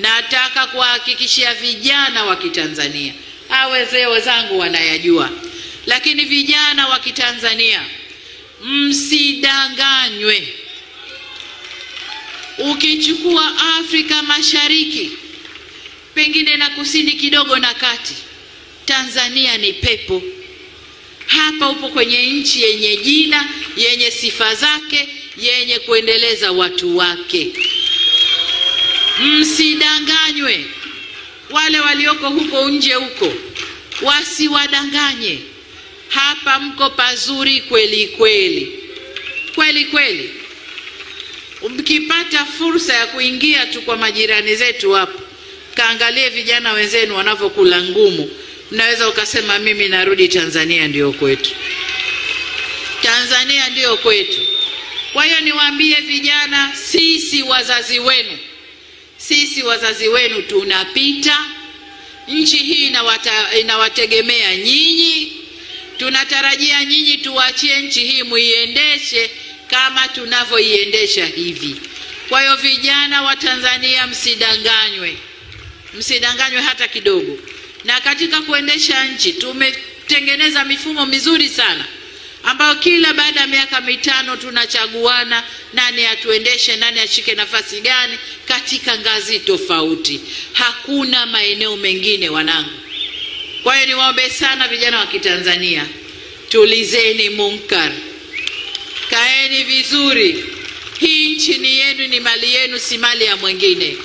nataka kuwahakikishia vijana wa Kitanzania, awezee wenzangu wanayajua, lakini vijana wa Kitanzania msidanganywe. Ukichukua Afrika Mashariki pengine na kusini kidogo na kati, Tanzania ni pepo. Hapa upo kwenye nchi yenye jina, yenye sifa zake, yenye kuendeleza watu wake msidanganywe. Wale walioko huko nje huko wasiwadanganye, hapa mko pazuri kweli kweli kweli kweli. Mkipata fursa ya kuingia tu kwa majirani zetu hapo, kaangalie vijana wenzenu wanavyokula ngumu, mnaweza ukasema mimi narudi Tanzania, ndiyo kwetu. Tanzania ndiyo kwetu. Kwa hiyo niwaambie vijana, sisi wazazi wenu sisi wazazi wenu tunapita, nchi hii inawategemea nyinyi, tunatarajia nyinyi tuwachie nchi hii muiendeshe kama tunavyoiendesha hivi. Kwa hiyo vijana wa Tanzania, msidanganywe, msidanganywe hata kidogo. Na katika kuendesha nchi tumetengeneza mifumo mizuri sana ambayo kila baada ya miaka mitano tunachaguana nani atuendeshe, nani ashike nafasi gani katika ngazi tofauti. Hakuna maeneo mengine wanangu. Kwa hiyo niwaombe sana vijana wa Kitanzania, tulizeni munkar, kaeni vizuri. Hii nchi ni yenu, ni mali yenu, si mali ya mwingine,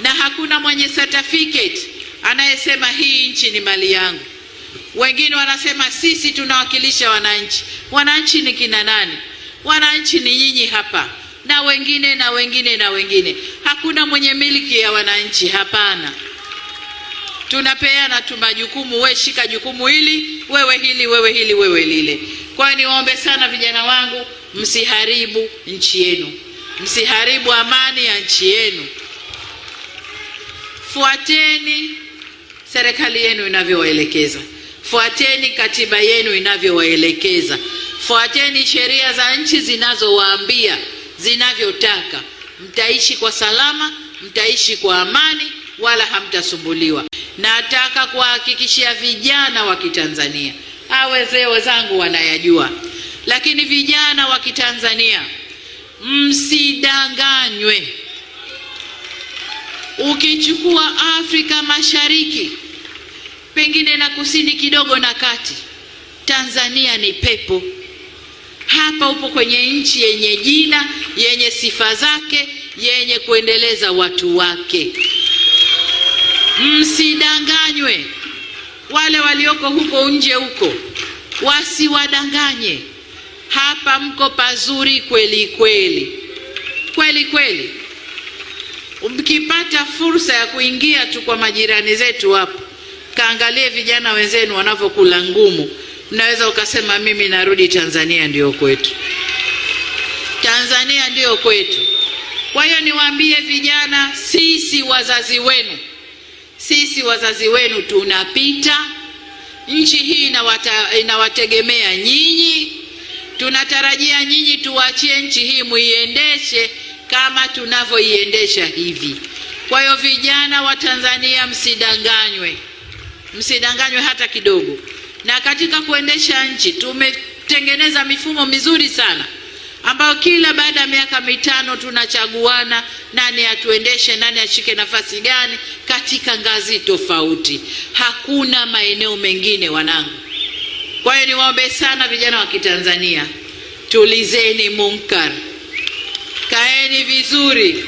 na hakuna mwenye certificate anayesema hii nchi ni mali yangu. Wengine wanasema sisi tunawakilisha wananchi. Wananchi ni kina nani? Wananchi ni nyinyi hapa na wengine na wengine na wengine. Hakuna mwenye miliki ya wananchi, hapana. Tunapeana tu majukumu, we shika jukumu hili, wewe hili, wewe hili, wewe lile. Kwa hiyo niwaombe sana vijana wangu, msiharibu nchi yenu, msiharibu amani ya nchi yenu. Fuateni serikali yenu inavyowaelekeza fuateni katiba yenu inavyowaelekeza, fuateni sheria za nchi zinazowaambia zinavyotaka, mtaishi kwa salama, mtaishi kwa amani, wala hamtasumbuliwa. Nataka kuwahakikishia vijana wa Kitanzania, awezee wenzangu wanayajua, lakini vijana wa Kitanzania msidanganywe. Ukichukua Afrika Mashariki pengine na kusini kidogo na kati. Tanzania ni pepo. Hapa upo kwenye nchi yenye jina, yenye sifa zake, yenye kuendeleza watu wake. Msidanganywe, wale walioko huko nje huko wasiwadanganye. Hapa mko pazuri kweli kweli kweli kweli. Mkipata fursa ya kuingia tu kwa majirani zetu hapo Kaangalie vijana wenzenu wanavyokula ngumu, mnaweza ukasema mimi narudi Tanzania, ndiyo kwetu. Tanzania ndiyo kwetu. Kwa hiyo niwaambie vijana, sisi wazazi wenu, sisi wazazi wenu tunapita. Nchi hii inawategemea nyinyi, tunatarajia nyinyi tuwachie nchi hii muiendeshe kama tunavyoiendesha hivi. Kwa hiyo vijana wa Tanzania, msidanganywe msidanganywe hata kidogo. Na katika kuendesha nchi tumetengeneza mifumo mizuri sana ambayo kila baada ya miaka mitano tunachaguana nani atuendeshe, nani ashike nafasi gani katika ngazi tofauti. Hakuna maeneo mengine wanangu. Kwa hiyo niwaombe sana vijana wa Kitanzania, tulizeni munkar, kaeni vizuri.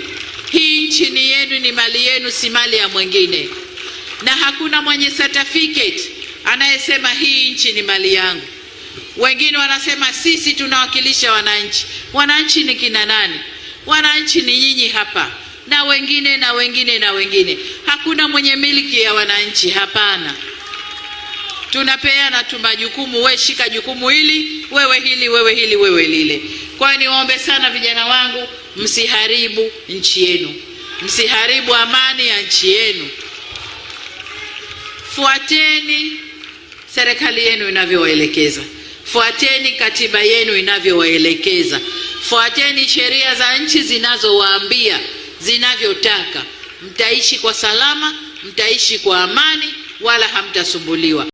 Hii nchi ni yenu, ni mali yenu, si mali ya mwingine na hakuna mwenye certificate anayesema hii nchi ni mali yangu. Wengine wanasema sisi tunawakilisha wananchi. Wananchi ni kina nani? Wananchi ni nyinyi hapa na wengine na wengine na wengine. Hakuna mwenye miliki ya wananchi, hapana. Tunapeana tu majukumu, we shika jukumu hili, wewe hili, wewe hili, wewe lile. Kwa hiyo niwaombe sana vijana wangu, msiharibu nchi yenu, msiharibu amani ya nchi yenu fuateni serikali yenu inavyowaelekeza, fuateni katiba yenu inavyowaelekeza, fuateni sheria za nchi zinazowaambia zinavyotaka, mtaishi kwa salama, mtaishi kwa amani, wala hamtasumbuliwa.